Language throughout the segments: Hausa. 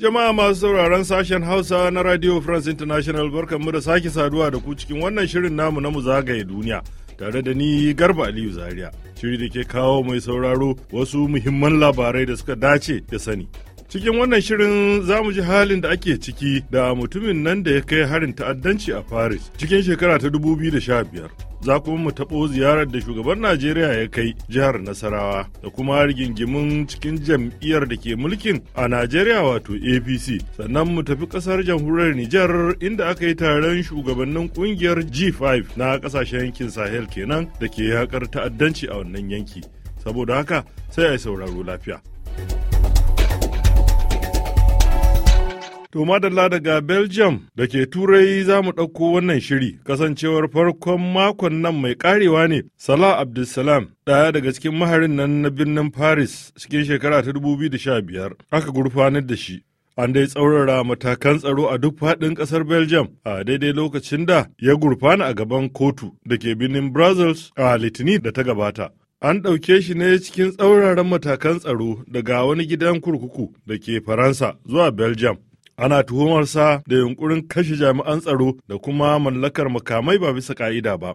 Jama'a masu sauraron sashen Hausa na Radio France International mu da sake saduwa da ku cikin wannan shirin namu na mu zagaye duniya tare da ni Garba Aliyu Zaria. Shiri da ke kawo mai sauraro wasu muhimman labarai da suka dace da sani. Cikin wannan shirin za mu ji halin da ake ciki da mutumin nan da ya kai harin ta'addanci a Paris cikin shekara ta 2015. za kuma mu taɓo ziyarar da shugaban Najeriya ya kai jihar Nasarawa da kuma rigingimin cikin jam'iyyar da ke mulkin a Najeriya wato APC. Sannan mu tafi ƙasar jamhuriyar Nijar inda aka yi taron shugabannin ƙungiyar G5 na ƙasashen yankin Sahel kenan da ke yakar ta'addanci a wannan yanki. Saboda haka sai a yi sauraro lafiya. To madalla daga Belgium da ke Turai za mu ɗauko wannan shiri kasancewar farkon makon nan mai ƙarewa ne Salah Abdulsalam ɗaya daga cikin maharin nan na birnin Paris cikin shekara ta 2015 aka gurfanar da shi. An dai tsaurara matakan tsaro a duk faɗin ƙasar Belgium a daidai lokacin da ya gurfana a gaban kotu da ke birnin Brussels a Litinin da ta gabata. An ɗauke shi ne cikin tsauraran matakan tsaro daga wani gidan kurkuku da ke Faransa zuwa Belgium. Ana tuhumarsa da yunkurin kashe jami'an tsaro da kuma mallakar makamai ba bisa ka'ida ba.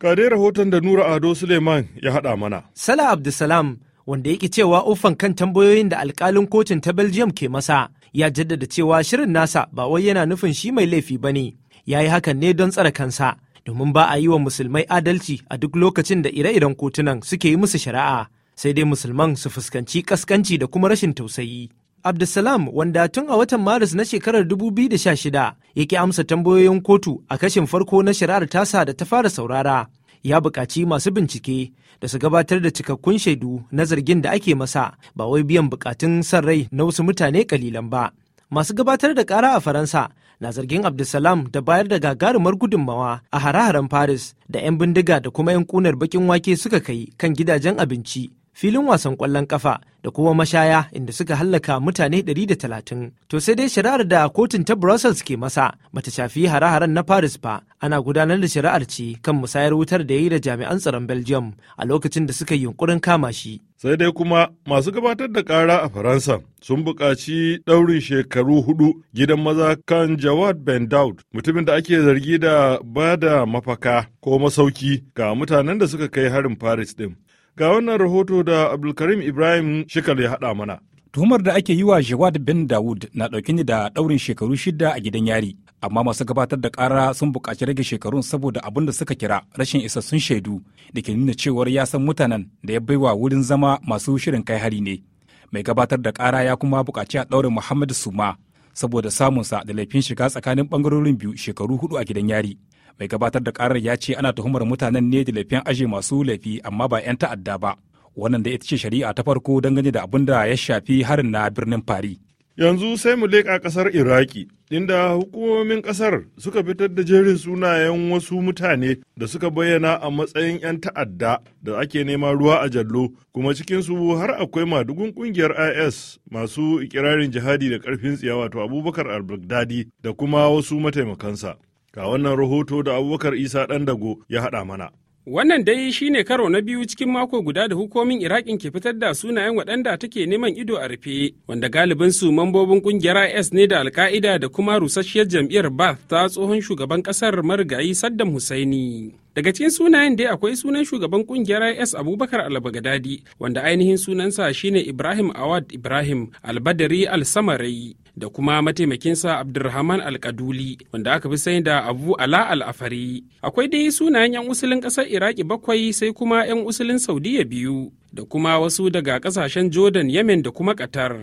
Ka dai rahoton da Nura Ado Suleiman ya haɗa mana. Sala Abdulsalam wanda yake cewa ofan kan tambayoyin da alkalin kotun ta Belgium ke masa ya jaddada cewa shirin nasa ba wai yana nufin shi mai laifi ba ne, ya yi hakan ne don tsare kansa. domin ba a yi wa musulmai adalci a duk lokacin da ire-iren kotunan suke yi musu shari'a sai dai musulman su fuskanci kaskanci da kuma rashin tausayi. Abdulsalam wanda tun a watan Maris na shekarar 2016 yake amsa tambayoyin kotu a kashin farko na shari'ar tasa da ta fara saurara. Ya buƙaci masu bincike da su gabatar da cikakkun shaidu na zargin da ake masa ba wai biyan buƙatun san rai na wasu mutane kalilan ba. Masu gabatar da ƙara a Faransa na zargin Abdulsalam da bayar da gagarumar gudunmawa a hare-haren Paris da 'yan bindiga da kuma 'yan kunar bakin wake suka kai kan gidajen abinci filin wasan ƙwallon kafa da kuma mashaya inda suka hallaka mutane 130. To sai dai shari'ar da kotun ta Brussels ke masa bata shafi hare-haren na Paris ba, ana gudanar da shari'ar ce kan musayar wutar da ya yi da jami'an tsaron Belgium a lokacin da suka yi yunkurin kama shi. Sai dai kuma masu gabatar da ƙara a Faransa sun buƙaci ɗaurin shekaru hudu gidan maza kan Jawad Ben Daud mutumin da ake zargi da ba da mafaka ko masauki ga mutanen da suka kai harin Paris ɗin. Ga wannan rahoto da Abdulkarim Ibrahim shakal ya haɗa mana. Tuhumar da ake yi wa Jawad bin Dawud na ɗauke ni da ɗaurin shekaru shida a gidan yari, amma masu gabatar da ƙara sun buƙaci rage shekarun saboda abin da suka kira rashin isassun shaidu da ke nuna cewar ya san mutanen da ya baiwa wurin zama masu shirin kai hari ne. Mai gabatar da ƙara ya kuma buƙaci a ɗaurin Muhammad Suma saboda samunsa da laifin shiga tsakanin ɓangarorin biyu shekaru hudu a gidan yari mai gabatar da karar ya ce ana tuhumar mutanen ne da laifin aje masu laifi amma ba 'yan ta'adda ba wannan da ita ce shari'a ta farko dangane da abin da ya shafi harin na birnin fari yanzu sai mu leƙa ƙasar iraki inda hukumomin ƙasar suka fitar da jerin sunayen wasu mutane da suka bayyana a matsayin 'yan ta'adda da ake nema ruwa a jallo kuma cikinsu har akwai madugun ƙungiyar is masu ikirarin jihadi da ƙarfin tsiya wato abubakar al da kuma wasu mataimakansa Ga wannan rahoto da Abubakar Isa dago ya haɗa mana. Wannan dai shine karo na biyu cikin mako guda da hukumin Iraƙin ke fitar da sunayen waɗanda take neman ido a rufe, wanda galibin su mambobin ƙungiyar IS ne da Alka'ida da kuma rusasshiyar jam'iyyar bath ta tsohon shugaban ƙasar marigayi Saddam husaini. Daga cikin sunayen dai akwai sunan shugaban ƙungiyar IS Abubakar Albagadadi, wanda ainihin sunansa shine Ibrahim Awad Ibrahim Albadari Al-Samarai. da kuma mataimakinsa Abdulrahman Alkaduli wanda aka fi sai da Abu Ala Al-Afari. Akwai dai sunayen 'yan usulin ƙasar Iraki bakwai sai kuma 'yan usulin Saudiya biyu da kuma wasu daga ƙasashen Jordan, Yemen da kuma Qatar.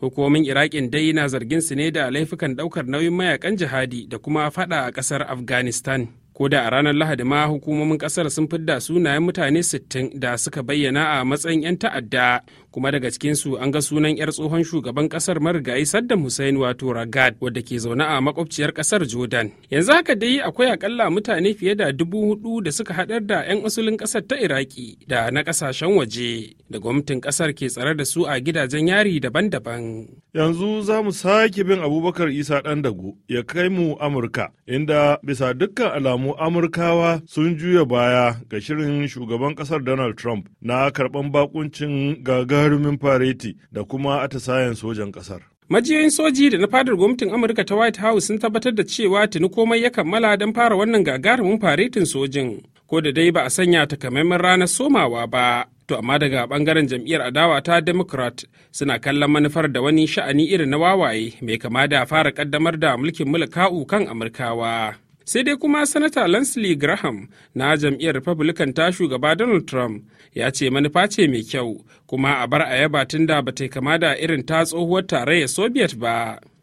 Hukumomin Iraƙin dai na zargin su ne da laifukan ɗaukar nauyin mayakan jihadi da kuma faɗa a ƙasar Afghanistan. ko da a ranar lahadi ma hukumomin kasar sun fidda sunayen mutane 60 da suka bayyana a matsayin 'yan ta'adda kuma daga cikinsu an ga sunan 'yar tsohon shugaban kasar marigayi saddam hussein wato ragad wadda ke zaune a makwabciyar kasar jordan yanzu haka dai akwai akalla mutane fiye da dubu hudu da suka haɗar da 'yan asulin kasar ta iraki da na kasashen waje da gwamnatin kasar ke tsare da su a gidajen yari daban-daban yanzu za mu sake bin abubakar isa ɗan dago ya kai mu amurka inda bisa dukkan alamu mu Amurkawa sun juya baya ga shirin shugaban kasar Donald Trump na karban bakuncin gagarumin fareti da kuma atisayen sojan kasar. Majiyoyin soji da na fadar gwamnatin Amurka ta White House sun tabbatar da cewa tuni komai ya kammala don fara wannan gagarumin faretin sojin, ko da dai ba a sanya takamaiman ranar somawa ba. To amma daga bangaren jam'iyyar adawa ta Democrat suna kallon manufar da wani sha'ani irin na wawaye mai kama da fara kaddamar da mulkin mulka'u kan Amurkawa. sai dai kuma sanata lansley graham na jam'iyyar republican ta shugaba donald trump ya ce manufa ce mai kyau kuma a bar a tun da ba ta kama da irin ta tsohuwar tarayyar soviet ba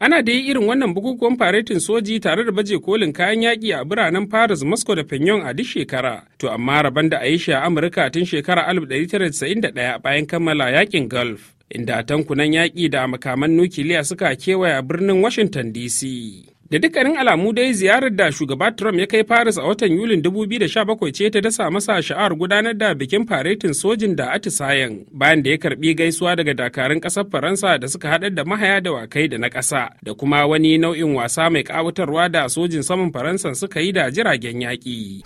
ana da irin wannan bukukuwan faretin soji tare da baje kolin kayan yaƙi a biranen paris moscow da pinyon a duk shekara to amma rabon da a yi shi a amurka tun shekara 1991 bayan kammala yaƙin gulf inda tankunan yaƙi da makaman nukiliya suka kewaya birnin washington dc Da dukkanin alamu dai ziyarar da shugaba Trump ya kai Paris a watan Yulin 2017 ce ta dasa masa sha'ar gudanar da bikin faretin sojin da atisayen bayan da ya karbi gaisuwa daga dakarun kasar Faransa da suka haɗar da mahaya da wakai da na ƙasa da kuma wani nau'in wasa mai ƙawatarwa da sojin saman Faransa suka yi da jiragen yaƙi.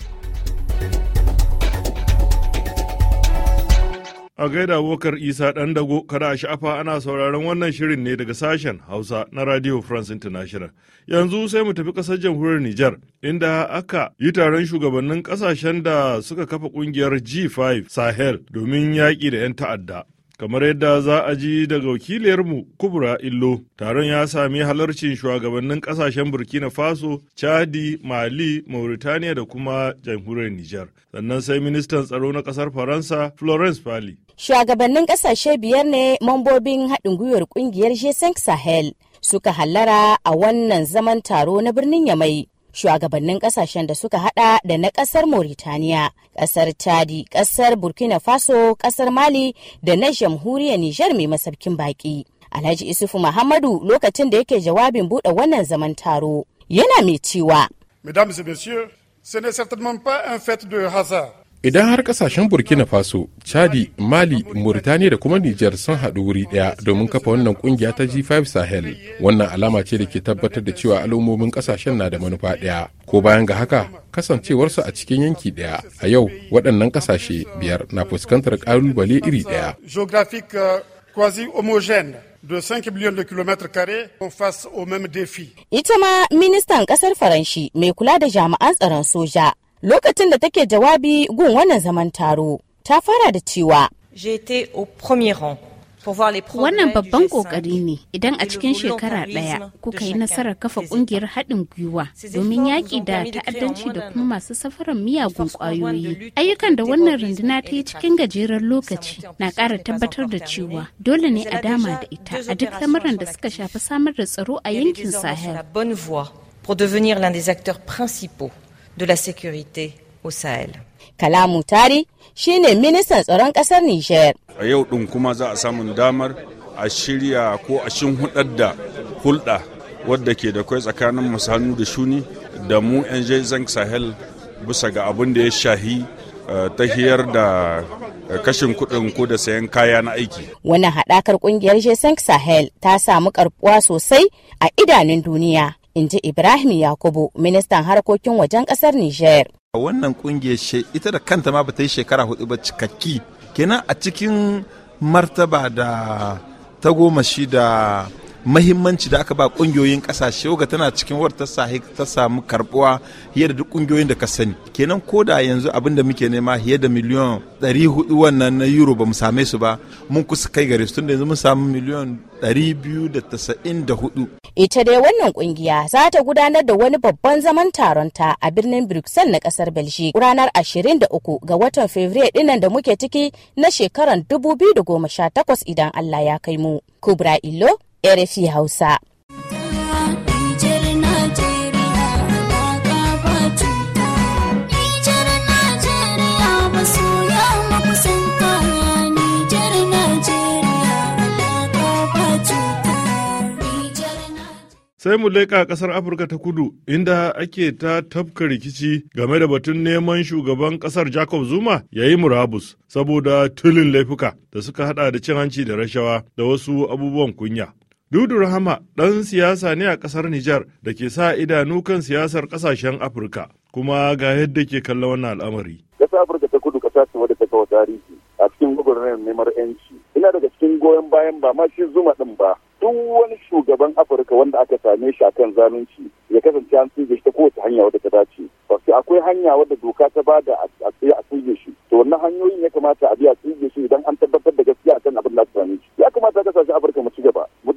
A gaida Wokar Isa ɗan dago kada a sha'afa ana sauraron wannan shirin ne daga sashen Hausa na Radio France International. Yanzu sai mu tafi ƙasar jamhuriyar Nijar inda aka yi taron shugabannin ƙasashen da suka kafa ƙungiyar G5 Sahel domin yaƙi da 'yan ta'adda. kamar yadda za a ji daga wakiliyarmu kubra illo taron ya sami halarcin shugabannin ƙasashen burkina faso chadi mali mauritaniya da kuma jamhuriyar nijar sannan sai ministan tsaro na ƙasar faransa florence pali Shugabannin ƙasashe biyar ne mambobin haɗin gwiwar ƙungiyar g Sahel suka hallara a wannan zaman taro na birnin Yamai. Shugabannin ƙasashen da suka hada da na ƙasar Mauritaniya, ƙasar Chadi, ƙasar Burkina Faso, ƙasar Mali da na jamhuriyar Nijar mai masabkin baƙi. Alhaji Isufu Muhammadu lokacin da yake jawabin buɗe wannan zaman taro yana mai cewa. Mesdames et messieurs, ce n'est certainement pas un fait de hasard idan har kasashen burkina faso chadi mali mauritania da kuma nijar sun haɗu wuri ɗaya domin kafa wannan kungiya ta g5 sahel wannan alama ce da ke tabbatar da cewa al'ummomin kasashen na da manufa ɗaya ko bayan ga haka kasancewarsu a cikin yanki ɗaya a yau waɗannan kasashe biyar na fuskantar ƙalubale iri ɗaya 5 euh, Ita ma ministan kasar Faranshi mai kula da jami'an tsaron soja Lokacin da take jawabi gun wannan zaman taro, ta fara da cewa. Wannan babban kokari ne idan a cikin shekara ɗaya kuka yi nasarar kafa ƙungiyar haɗin gwiwa domin yaƙi da ta'addanci da kuma masu safarar miyagun ƙwayoyi. Ayyukan da wannan runduna ta yi cikin gajeren lokaci na ƙara tabbatar da cewa dole ne a dama da ita a duk lamuran da suka shafi samar da tsaro a yankin Sahel. de la sécurité au Sahel. Kalamu Tari shi ne ministan tsaron ƙasar Nijar. A yau ɗin kuma za a samun damar a shirya ko a hudar da hulɗa wadda ke da kai tsakanin masu da shuni da mu 'yan jaizan sahel bisa ga abin da ya shahi eh, ta hiyar da eh, kashin kudin ko da sayan kaya na aiki. Wannan haɗakar ƙungiyar jaizan sahel ta samu karbuwa sosai a idanun duniya. in ji Ibrahim Yakubu, ministan harkokin wajen ƙasar Nijar. Wannan ƙungiyar ita da kanta ma bata yi shekara hudu ba cikakki. Kenan a cikin martaba da ta shi da mahimmanci da aka ba kungiyoyin kasashe ga tana cikin wadda ta samu karbuwa fiye da duk kungiyoyin da ka sani kenan ko da yanzu abin da muke nema fiye da miliyan 400 wannan na euro ba mu same su ba mun kusa kai gare su tunda yanzu mun samu miliyan 294 ita dai wannan kungiya za ta gudanar da wani babban zaman taron ta a birnin Brussels na kasar Belgium ranar 23 ga watan Fabrairu dinnan da muke ciki na shekarar 2018 idan Allah ya kai mu Kubra Ilo RFI Hausa. sai mu leƙa ƙasar afirka ta kudu inda ake ta tafka rikici game da batun neman shugaban ƙasar jacob zuma ya yi murabus saboda tulin laifuka da suka hada da cin hanci da rashawa da wasu abubuwan kunya Dudu Rahama ɗan siyasa ne a ƙasar Nijar da ke sa idanu kan siyasar ƙasashen Afirka kuma ga yadda ke kalla wannan al'amari. Ƙasar Afirka ta kudu ƙasa ce wadda ta kawo tarihi a cikin gwagwarmayar neman 'yanci. Ina daga cikin goyon bayan ba ma shi zuma ɗin ba. Duk wani shugaban Afirka wanda aka same shi a kan zalunci ya kasance an tsige shi ta kowace hanya wadda ta dace. Wasu akwai hanya wadda doka ta ba da tsaye a tsige shi. To wannan hanyoyin ya kamata a biya tsige shi idan an tabbatar da gaskiya kan abin da aka same Ya kamata ƙasashen Afirka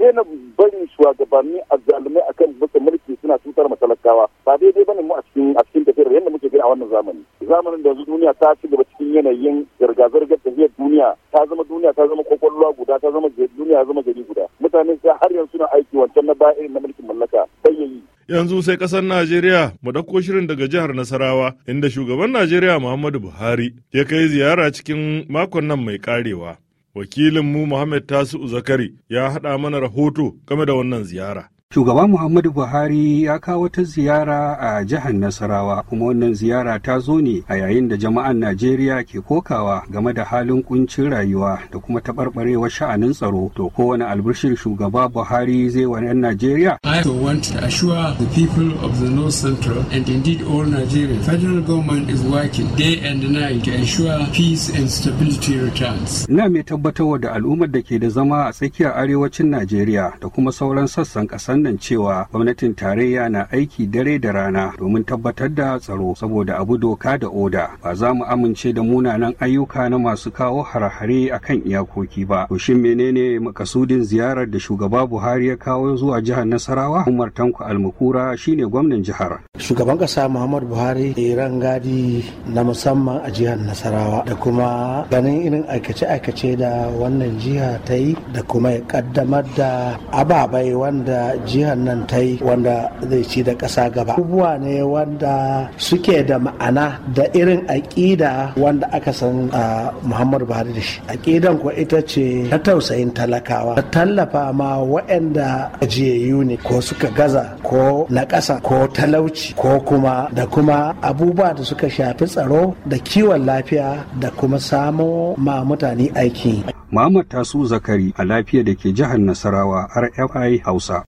daina barin shugabanni a a akan bisa mulki suna cutar matalakawa ba daidai ne mu a cikin a cikin tafiyar yadda muke gani a wannan zamani zamanin da yanzu duniya ta ci gaba cikin yanayin zirga-zirgar tafiyar duniya ta zama duniya ta zama kwakwalwa guda ta zama duniya zama gari guda mutane sai har yanzu suna aiki wancan na bayan na mulkin mallaka sai yayi yanzu sai kasar Najeriya mu dauko shirin daga jihar Nasarawa inda shugaban Najeriya Muhammadu Buhari ya kai ziyara cikin makon nan mai karewa Wakilinmu Muhammad Tasi'u Zakari ya haɗa mana rahoto game da wannan ziyara. Shugaba Muhammadu Buhari ya kawo wata ziyara a jihar Nasarawa kuma wannan ziyara ta zo ne a yayin da jama'an Najeriya ke kokawa game da halin kuncin rayuwa da kuma taɓarɓarewar sha'anin tsaro. To kowane albishir shugaba Buhari zai wa 'yan Najeriya. I want to assure the people of the North Central and indeed all Nigeria, federal government is working day and night to ensure peace and stability returns. Ina mai tabbatarwa da al'ummar da ke da zama a tsakiyar arewacin Najeriya da kuma sauran sassan ƙasar wannan cewa gwamnatin tarayya na aiki dare da rana domin tabbatar da tsaro saboda abu doka da oda ba za mu amince da munanan ayyuka na masu kawo hare a kan iyakoki ba to shin menene makasudin ziyarar da shugaba buhari ya kawo zuwa jihar nasarawa umar tanku almakura shine gwamnan jihar shugaban kasa muhammadu buhari iran gadi na musamman a jihar nasarawa da kuma ganin irin aikace-aikace da wannan jiha ta yi da kuma ya kaddamar da ababai wanda jihar nan ta yi wanda zai ci da ƙasa gaba abubuwa ne wanda suke da ma'ana da irin aƙida wanda aka san a muhammadu buhari da shi aƙidan ko ita ce ta tausayin talakawa ta tallafa ma waɗanda gajiyayyu ne ko suka gaza ko na ƙasa ko talauci ko kuma da kuma abubuwa da suka shafi tsaro da kiwon lafiya da kuma samo ma mutane aiki Muhammad Tasu Zakari a lafiya da ke jihar Nasarawa RFI Hausa.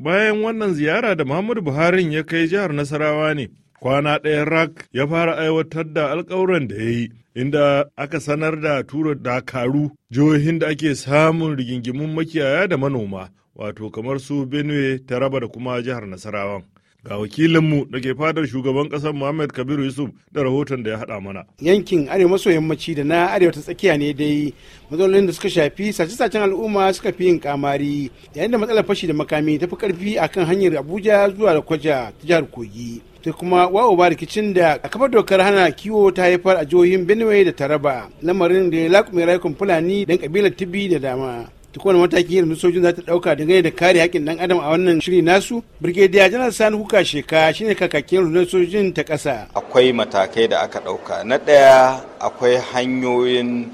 Bayan wannan ziyara da Muhammadu Buhari ya kai jihar Nasarawa ne, kwana ɗaya rak ya fara aiwatar da alkawuran da ya yi inda aka sanar da tura dakaru jihohin da ake samun rigingimun makiyaya da manoma wato kamar su benue taraba da kuma jihar nasarawan ga wakilinmu da ke fadar shugaban kasar muhammad kabiru yusuf da rahoton da ya haɗa mana yankin arewa maso yammaci da na arewa ta tsakiya ne dai matsalolin da suka shafi sace-sacen al'umma suka fi yin kamari yayin da matsalar fashi da makami ta fi karfi akan hanyar abuja zuwa da kwaja ta jihar kogi sai kuma wa uba rikicin da a kafa dokar hana kiwo ta haifar a jihohin benue da taraba lamarin da ya lakume rayukan fulani dan kabilar tibi da dama duk wani mataki irin sojin za ta dauka dangane da kare haƙƙin dan adam a wannan shiri nasu brigadier janar sani huka sheka shine kakakin rundunar sojin ta kasa akwai matakai da aka dauka na ɗaya akwai hanyoyin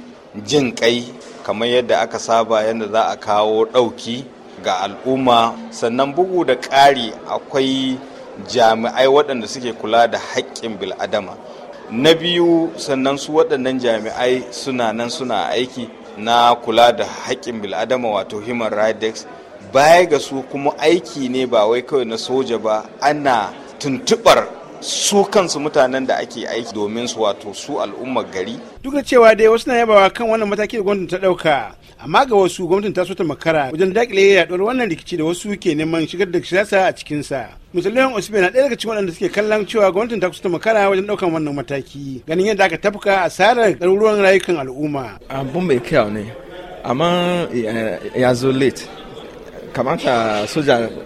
jin kai kamar yadda aka saba yadda za a kawo ɗauki ga al'umma sannan bugu da ƙari akwai jami'ai waɗanda suke kula da haƙƙin bil'adama na biyu sannan su waɗannan jami'ai suna nan suna aiki na kula da haƙƙin bil'adama wato human rights baya ga su kuma aiki ne ba wai kawai na soja ba ana tuntuɓar su kansu mutanen da ake aiki domin su wato su al'ummar gari duk da cewa dai wasu na yabawa kan wannan mataki da gwamnati ta ɗauka amma ga wasu gwamnatin ta sota makara wajen dakile yaduwar wannan rikici da wasu ke neman shigar da siyasa a cikin sa musulman osman na ɗaya daga cikin waɗanda suke kallon cewa gwamnatin ta kusa makara wajen ɗaukan wannan mataki ganin yadda aka tafka asarar ɗaruruwan rayukan al'umma abun mai kyau ne amma eh, eh, ya zo late kamata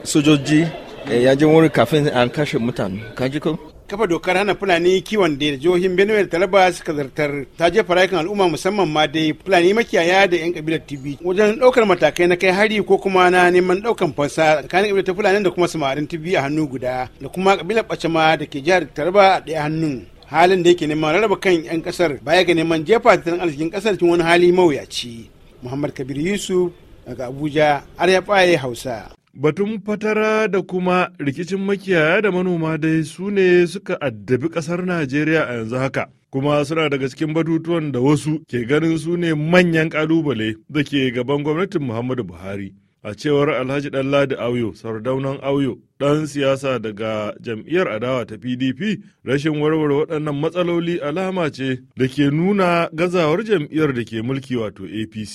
sojoji eh, ya ji wuri kafin an kashe mutane kaji ko kafa dokar hana fulani kiwon da jihohin benue da talaba suka zartar ta jefa rayukan al'umma musamman ma dai fulani makiyaya da yan kabilar tibi wajen ɗaukar matakai na kai hari ko kuma na neman ɗaukan fansa tsakanin kabilar ta fulani da kuma samarin tibi a hannu guda da kuma kabilar ma da ke jihar talaba a daya hannun halin da yake neman rarraba kan 'yan kasar baya ga neman jefa tattalin arzikin kasar cikin wani hali mawuyaci muhammad kabir yusuf daga abuja arya hausa Batun fatara da kuma rikicin makiyaya da manoma dai su ne suka addabi ƙasar Najeriya a yanzu haka. Kuma suna daga cikin batutuwan da wasu ke ganin su ne manyan ƙalubale da ke gaban gwamnatin Muhammadu Buhari. A cewar Alhaji Ɗanladi Auyo, Sardaunan Auyo, ɗan siyasa daga jam'iyyar adawa ta pdp rashin warware waɗannan matsaloli alama ce da ke nuna gazawar jam'iyyar da ke mulki wato apc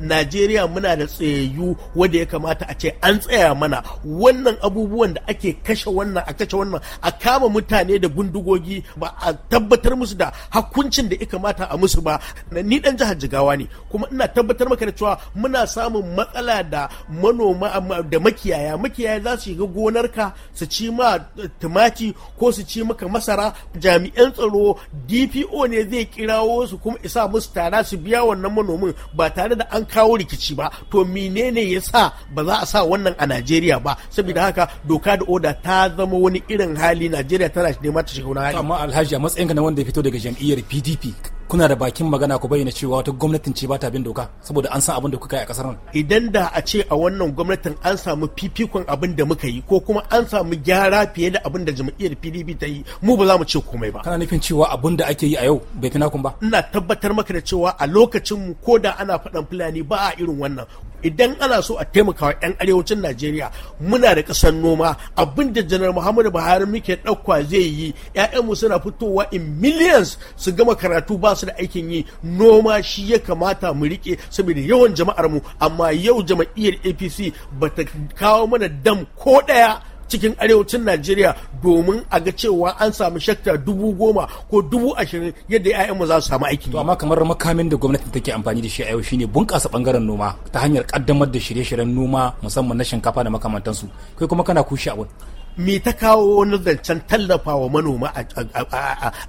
najeriya muna da tsayayyu wadda ya kamata a ce an tsaya mana wannan abubuwan da ake kashe wannan a kashe wannan a kama mutane da bindigogi ba a tabbatar musu da hakuncin da ya kamata a musu ba ni dan jihar jigawa ne kuma ina tabbatar maka da cewa muna samun matsala da manoma da makiyaya makiyaya za su shiga gonar gonarka su ci ma tumaki ko su ci maka masara jami'an tsaro dpo ne zai kirawo su kuma isa musu tara su biya wannan manomin ba tare da an kawo rikici ba to menene ya sa ba za a sa wannan a najeriya ba saboda haka doka da oda ta zama wani irin hali najeriya tana nema ta shiga wani hali amma alhaji a matsayinka na wanda ya fito daga jam'iyyar pdp kuna da bakin magana ku bayyana cewa wata gwamnatin ce ba ta bin doka saboda an san abin da kuka yi a kasar nan idan da a ce a wannan gwamnatin an samu fifikon abin da muka yi ko kuma an samu gyara fiye da abin da jam'iyyar PDP ta yi mu ba za mu ce komai ba kana nufin cewa abin da ake yi a yau bai fi nakun ba ina tabbatar maka da cewa a lokacin mu ko da ana faɗan fulani ba a irin wannan idan ana so a taimakawa 'yan arewacin najeriya muna da ƙasar noma abin da janar muhammadu buhari muke ɗaukwa zai yi 'ya'yanmu suna fitowa in millions su gama karatu ba su da aikin yi noma shi ya kamata mu riƙe saboda yawan jama'ar mu amma yau jama'iyyar apc ba ta kawo mana dam ko ɗaya cikin arewacin Najeriya domin a ga cewa an samu shakta dubu goma ko dubu ashirin yadda 'ya'yanmu za su samu aiki. To amma kamar makamin da gwamnati take amfani da shi a yau shine bunƙasa ɓangaren noma ta hanyar kaddamar da shirye-shiryen noma musamman na shinkafa da makamantansu kai kuma kana kushe wani. me ta kawo wani zancen tallafa wa manoma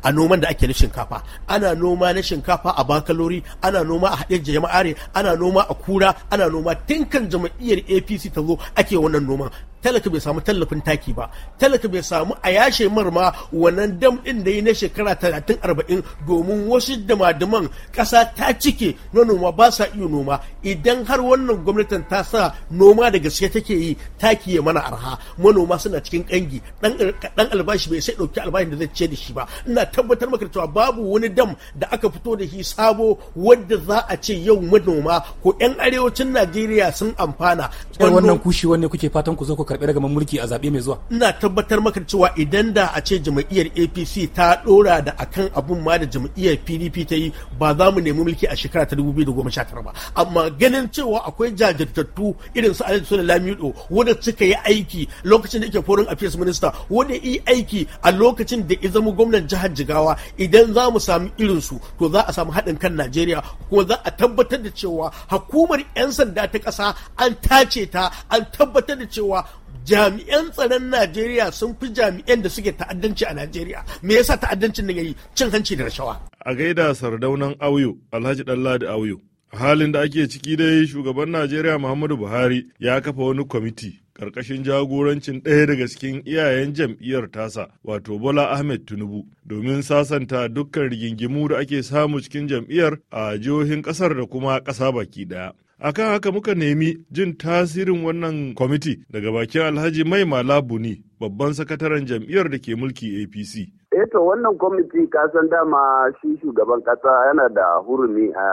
a noman da ake na shinkafa ana noma na shinkafa a bakalori ana noma a haɗe jama'are ana noma a kura ana noma tinkan jama'iyyar apc ta zo ake wannan noman talaka bai samu tallafin taki ba talaka bai samu a yashe marma wannan dam din da yi na shekara talatin arba'in domin wasu damadaman ƙasa ta cike na noma ba sa iya noma idan har wannan gwamnatin ta sa noma da gaske take yi taki ya mana arha manoma suna cikin kangi dan albashi bai sai dauki albashin da zai ce da shi ba ina tabbatar maka cewa babu wani dam da aka fito da shi sabo wadda za a ce yau manoma ko 'yan arewacin najeriya sun amfana wannan kushi wanne kuke fatan ku zo ku karɓi ragaman mulki a zaɓe mai zuwa ina tabbatar maka cewa idan da a ce jam'iyyar apc ta ɗora da akan abun ma da jam'iyyar pdp ta yi ba za mu nemi mulki a shekara ta 2019 ba amma ganin cewa akwai jajirtattu irin su alhaji sunan lamido wanda suka yi aiki lokacin da yake forin affairs minister wanda yi aiki a lokacin da ya zama gwamnan jihar jigawa idan za mu samu irin su to za a samu haɗin kan najeriya kuma za a tabbatar da cewa hukumar 'yan sanda ta ƙasa an tace ta an tabbatar da cewa jami'an tsaron Najeriya sun fi jami'an da suke ta'addanci a Najeriya me yasa ta'addancin nan yayi cin hanci da rashawa a gaida sardaunan auyo Alhaji ɗanladi auyo halin da ake ciki dai shugaban Najeriya Muhammadu Buhari ya kafa wani kwamiti karkashin jagorancin ɗaya daga cikin iyayen jam'iyyar tasa wato bola ahmed tinubu domin sasanta dukkan rigingimu da ake samu cikin jam'iyyar a jihohin ƙasar da kuma ƙasa baki ɗaya a kan haka muka nemi jin tasirin wannan kwamiti daga bakin alhaji mai malabuni babban sakataren jam'iyyar da ke mulki apc eto eh wannan kwamiti kasan dama shi shugaban kasa yana da hurumi a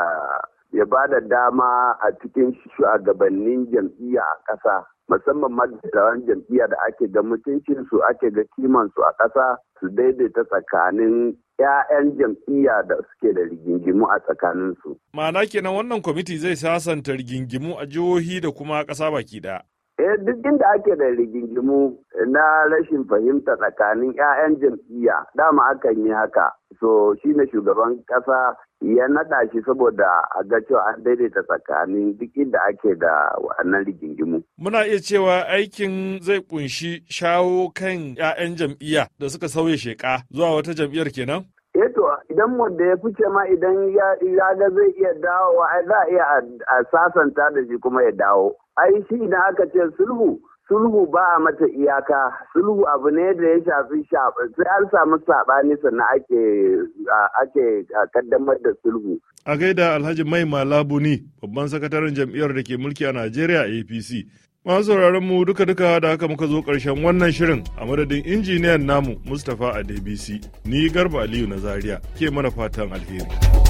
ya ba da dama a cikin shugabannin jam'iyya a kasa musamman madattawan jam'iyya da ake ga mutuncinsu ake ga kimansu a kasa. su daidaita tsakanin 'ya'yan jam'iyya da suke da rigingimu a tsakaninsu. Ma'ana kenan wannan kwamiti zai sasanta rigingimu a jihohi da kuma ƙasa baki ɗaya. Eh duk inda ake da rigingimu na rashin fahimta tsakanin 'ya'yan jam'iyya dama akan yi haka. So shi ne shugaban kasa ya naɗa shi saboda a ga cewa an daidaita tsakanin duk inda ake da wannan rigingimu. Muna iya cewa aikin zai kunshi shawo kan 'ya'yan jam'iyya da suka sauya sheka zuwa wata jam'iyyar kenan? Eto eh, idan da ya fice ma idan ya ga zai iya dawo za a iya a sasanta da shi kuma ya dawo. ai shi idan aka ce sulhu sulhu ba a mata iyaka sulhu abu ne da ya shafi sai an samu saɓani sannan ake ake kaddamar da sulhu a gaida alhaji mai malabuni babban sakataren jam'iyyar da ke mulki a najeriya apc masu sauraron mu duka duka da haka muka zo karshen wannan shirin a madadin injiniyan namu mustapha a dbc ni garba aliyu na zaria ke mana fatan alheri